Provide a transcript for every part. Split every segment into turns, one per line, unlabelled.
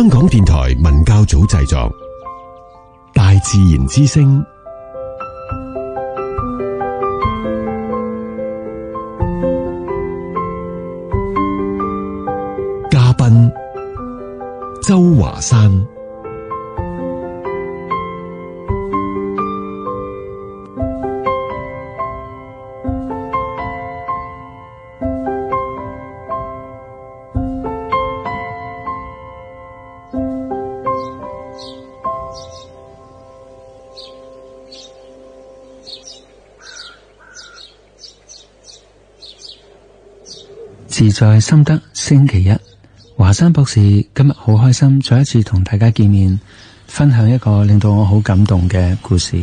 香港電台文教組製作《大自然之聲》。自在心得星期一，周華山博士今日好開心再一次同大家見面，分享一個令到我好感動嘅故事。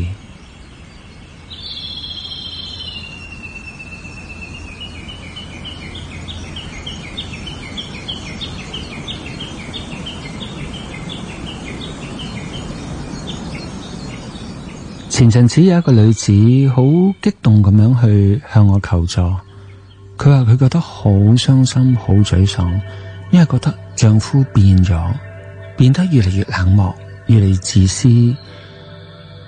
前陣子有一個女子好激動咁樣去向我求助。佢話佢覺得好傷心、好沮喪，因為覺得丈夫變咗，變得越嚟越冷漠、越嚟越自私，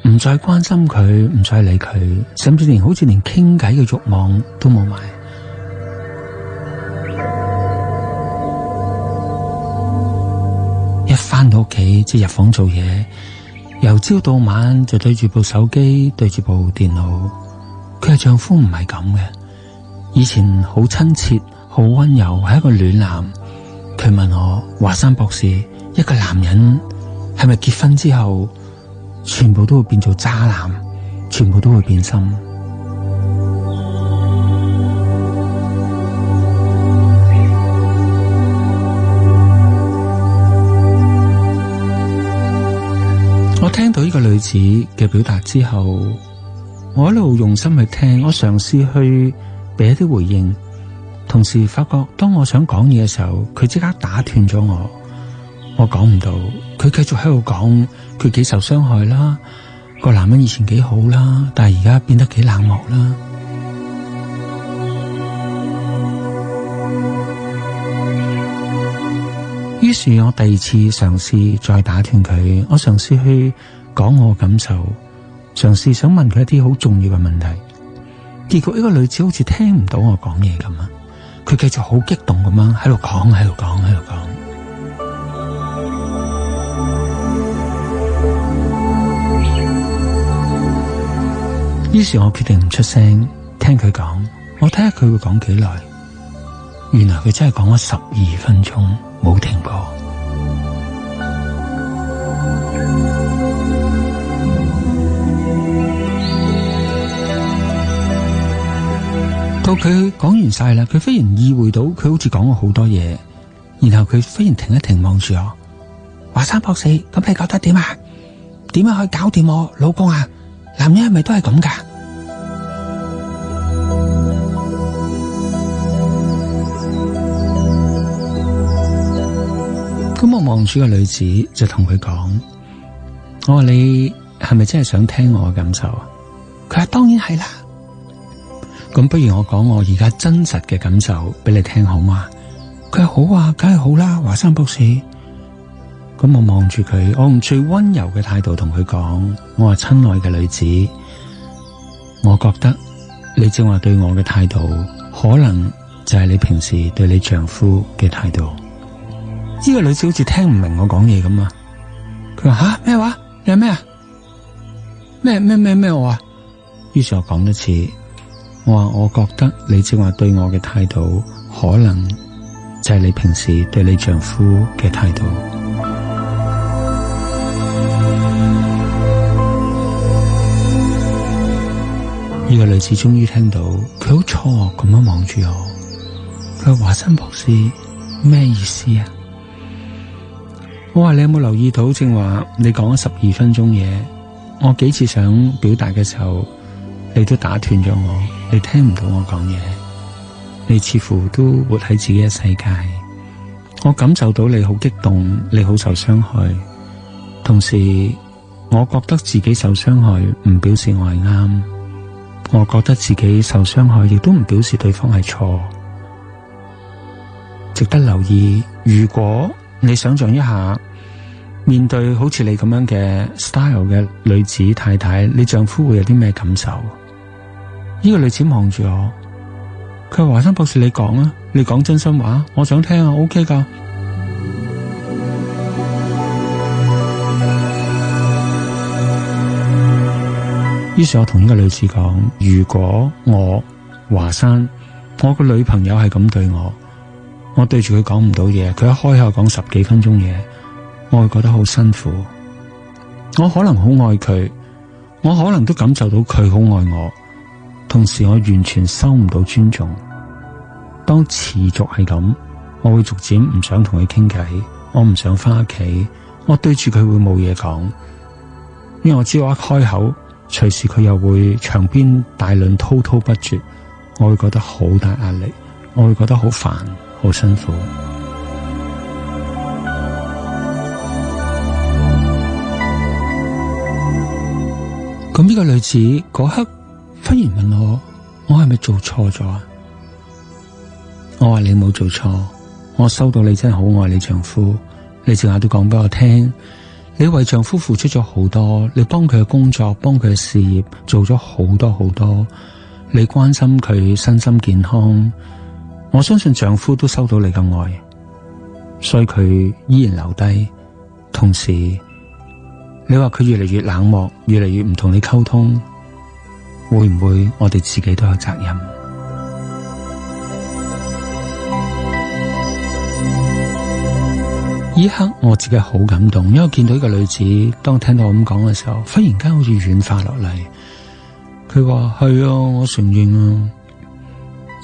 唔再關心佢，唔再理佢，甚至連好似連傾偈嘅欲望都冇埋。一翻到屋企即入房做嘢，由朝到晚就對住部手機、對住部電腦。佢嘅丈夫唔係咁嘅。以前好親切、好溫柔，係一個暖男。佢問我華山博士，一個男人係咪結婚之後全部都會變做渣男，全部都會變心？ 我聽到呢個女子嘅表達之後，我一路用心去聽，我嘗試去。俾一啲回應，同時發覺當我想講嘢嘅時候，佢即刻打斷咗我，我講唔到，佢繼續喺度講佢幾受傷害啦，個男人以前幾好啦，但係而家變得幾冷漠啦。 於是我第二次嘗試再打斷佢，我嘗試去講我感受，嘗試想問佢一啲好重要嘅問題。結果呢個女子好似聽唔到我講嘢咁樣，佢繼續好激動咁樣喺度講，喺度講，喺度講。於 是我決定唔出聲，聽佢講，我睇下佢會講幾耐。原來佢真係講咗十二分鐘，冇停過。到佢講完晒啦佢忽然意會到佢好似講咗好多嘢，然後佢忽然停一停，望住我，華山博士，咁你覺得點啊？點樣可以搞掂我老公啊？男人係咪都係咁噶？咁 我望住個女子就同佢講，我話你係咪真係想聽我嘅感受啊？佢話當然係啦。咁不如我講我而家真實嘅感受俾你聽好嗎？佢話好啊，梗係好啦、啊，華山博士。咁我望住佢，我用最温柔嘅態度同佢講，我話親愛嘅女子，我覺得你正話對我嘅態度，可能就係你平時對你丈夫嘅態度。呢個女子好似聽唔明我講嘢咁啊！佢話吓咩話？你係咩啊？咩咩咩咩我啊？於是我又講一次。我話我覺得你正話對我嘅態度，可能就係你平時對你丈夫嘅態度。呢 個女子終於聽到，佢好錯愕咁樣望住我。佢話華山博士咩意思啊？我話你有冇留意到，正話你講咗十二分鐘嘢，我幾次想表達嘅時候，你都打斷咗我。你聽唔到我講嘢，你似乎都活喺自己嘅世界。我感受到你好激動，你好受傷害，同時我覺得自己受傷害，唔表示我係啱。我覺得自己受傷害，亦都唔表示對方係錯。值得留意，如果你想象一下，面對好似你咁樣嘅 style 嘅女子太太，你丈夫會有啲咩感受？呢個女子望住我，佢話，華山博士，你講啊，你講真心話，我想聽啊，OK 噶。於是，我同呢個女子講：如果我華山，我個女朋友係咁對我，我對住佢講唔到嘢，佢一開口講十幾分鐘嘢，我會覺得好辛苦。我可能好愛佢，我可能都感受到佢好愛我。同時，我完全收唔到尊重。當持續係咁，我會逐漸唔想同佢傾偈，我唔想翻屋企，我對住佢會冇嘢講。因為我知道一開口，隨時佢又會長篇大論滔滔不絕，我會覺得好大壓力，我會覺得好煩，好辛苦。咁呢個女子嗰刻忽然問我，我係咪做錯咗啊？我話你冇做錯，我收到你真係好愛你丈夫，你淨係都講俾我聽，你為丈夫付出咗好多，你幫佢嘅工作，幫佢嘅事業，做咗好多好多，你關心佢身心健康，我相信丈夫都收到你嘅愛，所以佢依然留低。同時，你話佢越嚟越冷漠，越嚟越唔同你溝通。會唔會我哋自己都有責任？依刻我自己好感動，因為見到一個女子，當我聽到我咁講嘅時候，忽然間好似軟化落嚟。佢話：係啊，我承認啊，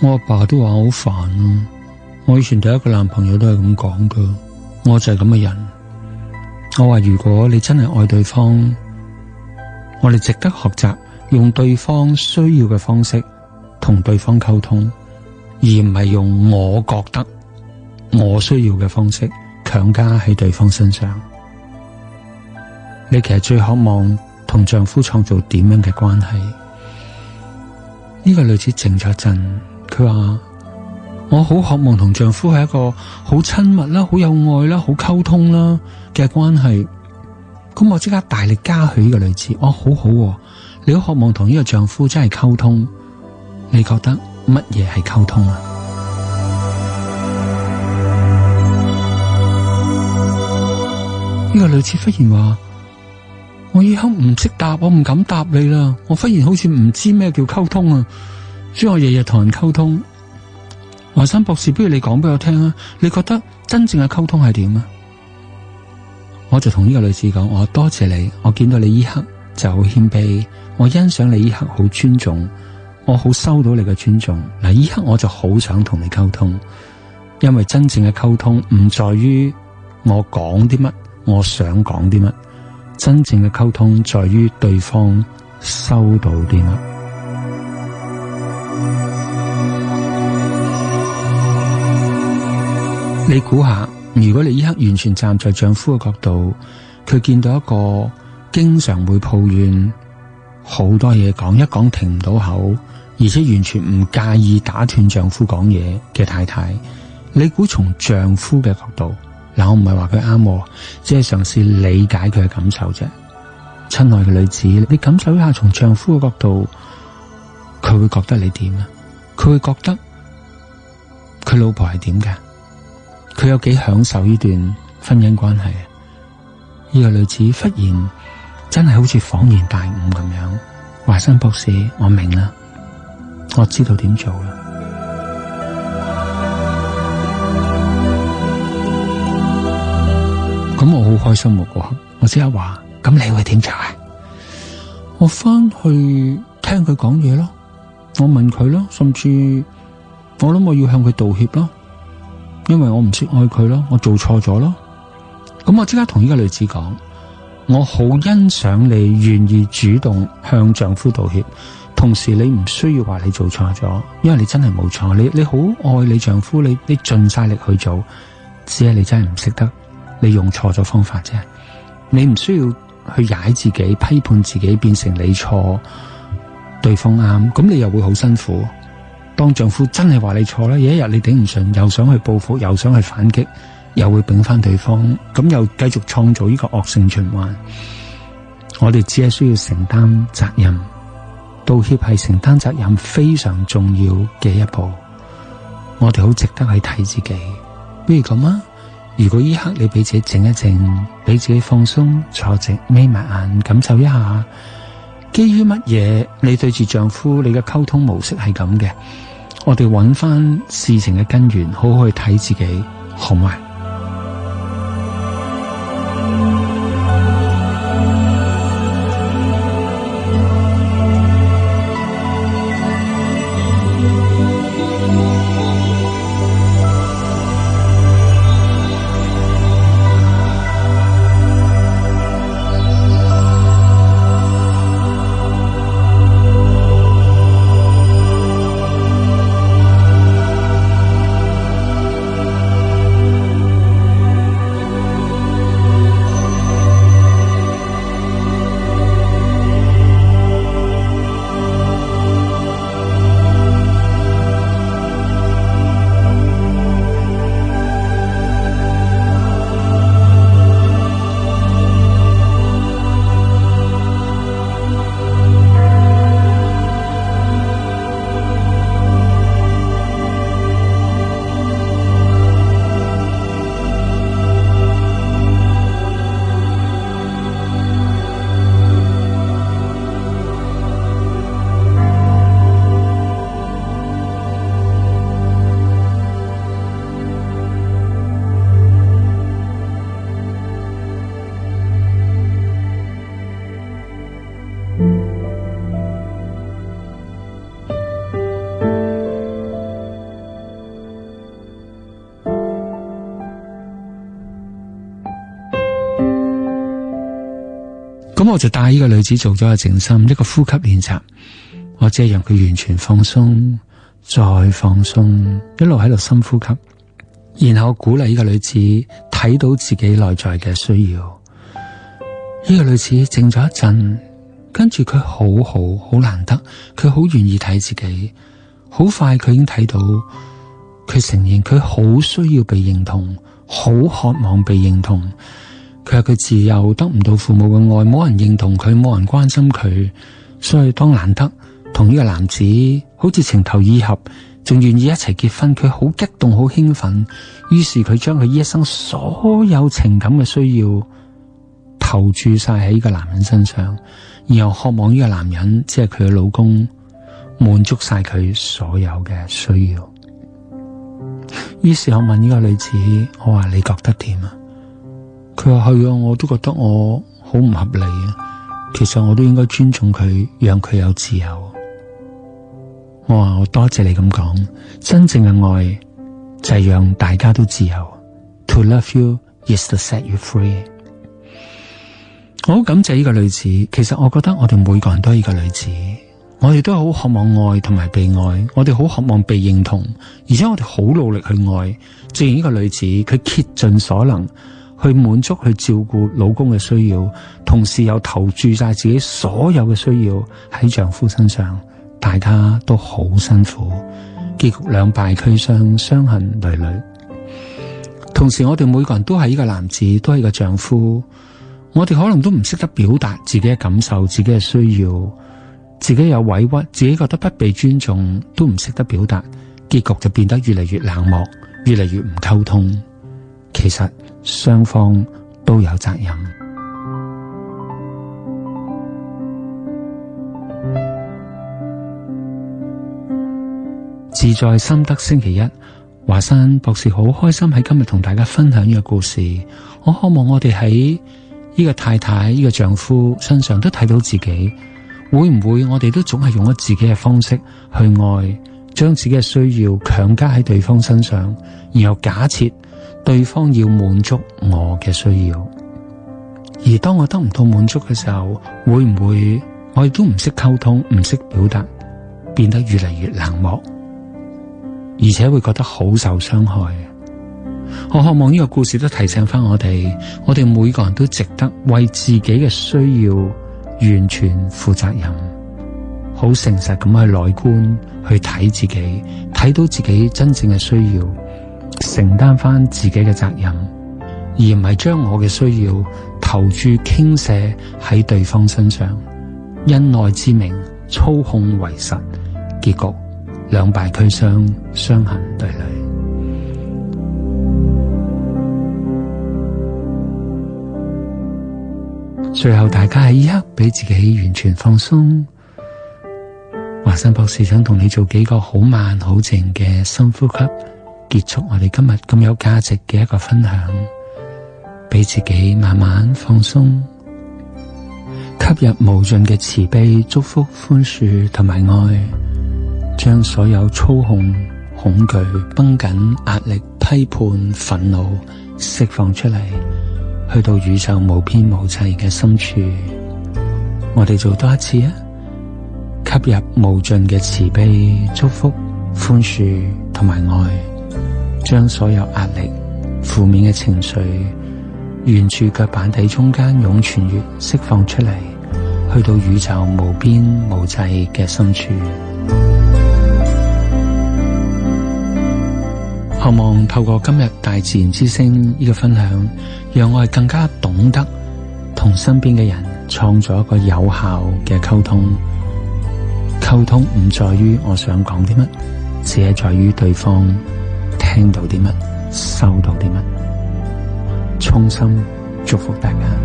我阿爸，爸都話好煩啊。我以前第一個男朋友都係咁講㗎，我就係咁嘅人。我話：如果你真係愛對方，我哋值得學習。用對方需要嘅方式同對方溝通，而唔係用我覺得我需要嘅方式強加喺對方身上。你其實最渴望同丈夫創造點樣嘅關係？呢、這個女子靜咗陣，佢話我好渴望同丈夫係一個好親密啦、好有愛啦、好溝通啦嘅關係。咁我即刻大力加許呢個女子，我、哦、好好、啊。你渴望同呢個丈夫真係溝通，你覺得乜嘢係溝通啊？呢 個女子忽然話：我以後唔識答，我唔敢答你啦。我忽然好似唔知咩叫溝通啊！雖然我日日同人溝通，華山博士，不如你講俾我聽啊！你覺得真正嘅溝通係點啊？我就同呢個女子講：我多謝你，我見到你依刻就好謙卑。我欣賞你依刻好尊重，我好收到你嘅尊重。嗱，依刻我就好想同你溝通，因為真正嘅溝通唔在於我講啲乜，我想講啲乜，真正嘅溝通在於對方收到啲乜。 你估下，如果你依刻完全站在丈夫嘅角度，佢見到一個經常會抱怨，好多嘢講，一講停唔到口，而且完全唔介意打斷丈夫講嘢嘅太太，你估從丈夫嘅角度，嗱，我唔係話佢啱，只係嘗試理解佢嘅感受啫。親愛嘅女子，你感受一下從丈夫嘅角度，佢會覺得你點啊？佢會覺得佢老婆係點噶？佢有幾享受呢段婚姻關係啊？呢個女子忽然。真係好似恍然大悟咁樣，華山博士，我明啦，我知道點做啦。咁 我好開心嘅、啊，我即刻話，咁你會點做啊？我翻去聽佢講嘢咯，我問佢咯，甚至我諗我要向佢道歉咯，因為我唔識愛佢咯，我做錯咗咯。咁我即刻同呢個女子講。我好欣賞你願意主動向丈夫道歉，同時你唔需要話你做錯咗，因為你真係冇錯，你你好愛你丈夫，你你盡晒力去做，只係你真係唔識得，你用錯咗方法啫。你唔需要去踩自己、批判自己，變成你錯，對方啱，咁你又會好辛苦。當丈夫真係話你錯喇，有一日你頂唔順，又想去報復，又想去反擊。又會貶翻對方，咁又繼續創造呢個惡性循環。我哋只係需要承擔責任，道歉係承擔責任非常重要嘅一步。我哋好值得去睇自己。不如咁啊，如果依刻你俾自己靜一靜，俾自己放鬆，坐直，眯埋眼，感受一下。基於乜嘢你對住丈夫你嘅溝通模式係咁嘅？我哋揾翻事情嘅根源，好好去睇自己，好唔好？咁我就帶呢個女子做咗個靜心，一個呼吸練習。我只係讓佢完全放鬆，再放鬆，一路喺度深呼吸。然後鼓勵呢個女子睇到自己內在嘅需要。呢、這個女子靜咗一陣，跟住佢好好好難得，佢好願意睇自己。好快佢已經睇到，佢承認佢好需要被認同，好渴望被認同。佢係，佢自幼得唔到父母嘅愛，冇人認同佢，冇人關心佢，所以當難得同呢個男子好似情投意合，仲願意一齊結婚，佢好激動、好興奮。於是佢將佢一生所有情感嘅需要投注晒喺呢個男人身上，然後渴望呢個男人即係佢嘅老公滿足晒佢所有嘅需要。於是我問呢個女子：我話你覺得點啊？佢話係啊，我都覺得我好唔合理啊。其實我都應該尊重佢，讓佢有自由。我話，我多謝你咁講，真正嘅愛就係讓大家都自由。To love you is to set you free。我好感謝呢個女子，其實我覺得我哋每個人都係一個女子，我哋都好渴望愛同埋被愛，我哋好渴望被認同，而且我哋好努力去愛。正如呢個女子，佢竭盡所能。去滿足去照顧老公嘅需要，同時又投注晒自己所有嘅需要喺丈夫身上，大家都好辛苦，結局兩敗俱傷，傷痕纍纍。同時，我哋每個人都係一個男子，都係個丈夫，我哋可能都唔識得表達自己嘅感受、自己嘅需要、自己有委屈、自己覺得不被尊重，都唔識得表達，結局就變得越嚟越冷漠，越嚟越唔溝通。其實雙方都有責任。自在心得星期一，華山博士好開心喺今日同大家分享呢個故事。我渴望我哋喺呢個太太、呢個丈夫身上都睇到自己，會唔會我哋都總係用咗自己嘅方式去愛？將自己嘅需要強加喺對方身上，然後假設對方要滿足我嘅需要。而當我得唔到滿足嘅時候，會唔會我亦都唔識溝通、唔識表達，變得越嚟越冷漠，而且會覺得好受傷害。我渴望呢個故事都提醒返我哋，我哋每個人都值得為自己嘅需要完全負責任。好誠實咁去內觀，去睇自己，睇到自己真正嘅需要，承擔翻自己嘅責任，而唔係將我嘅需要投注傾瀉喺對方身上。因愛之名，操控為實，結局兩敗俱傷，傷痕累累。 最後，大家喺呢一刻俾自己完全放鬆。華山博士想同你做幾個好慢好靜嘅深呼吸，結束我哋今日咁有價值嘅一個分享，俾自己慢慢放鬆，吸入無盡嘅慈悲、祝福、寬恕同埋愛，將所有操控、恐懼、繃緊、壓力、批判、憤怒釋放出嚟，去到宇宙無邊無際嘅深處。我哋做多一次啊！吸入無盡嘅慈悲、祝福、寬恕同埋愛，將所有壓力、負面嘅情緒，沿住腳板底中間湧泉穴釋放出嚟，去到宇宙無邊無際嘅深處。渴 望透過今日大自然之聲呢個分享，讓我哋更加懂得同身邊嘅人創造一個有效嘅溝通。溝通唔在於我想講啲乜，只係在於對方聽到啲乜、收到啲乜。衷心祝福大家。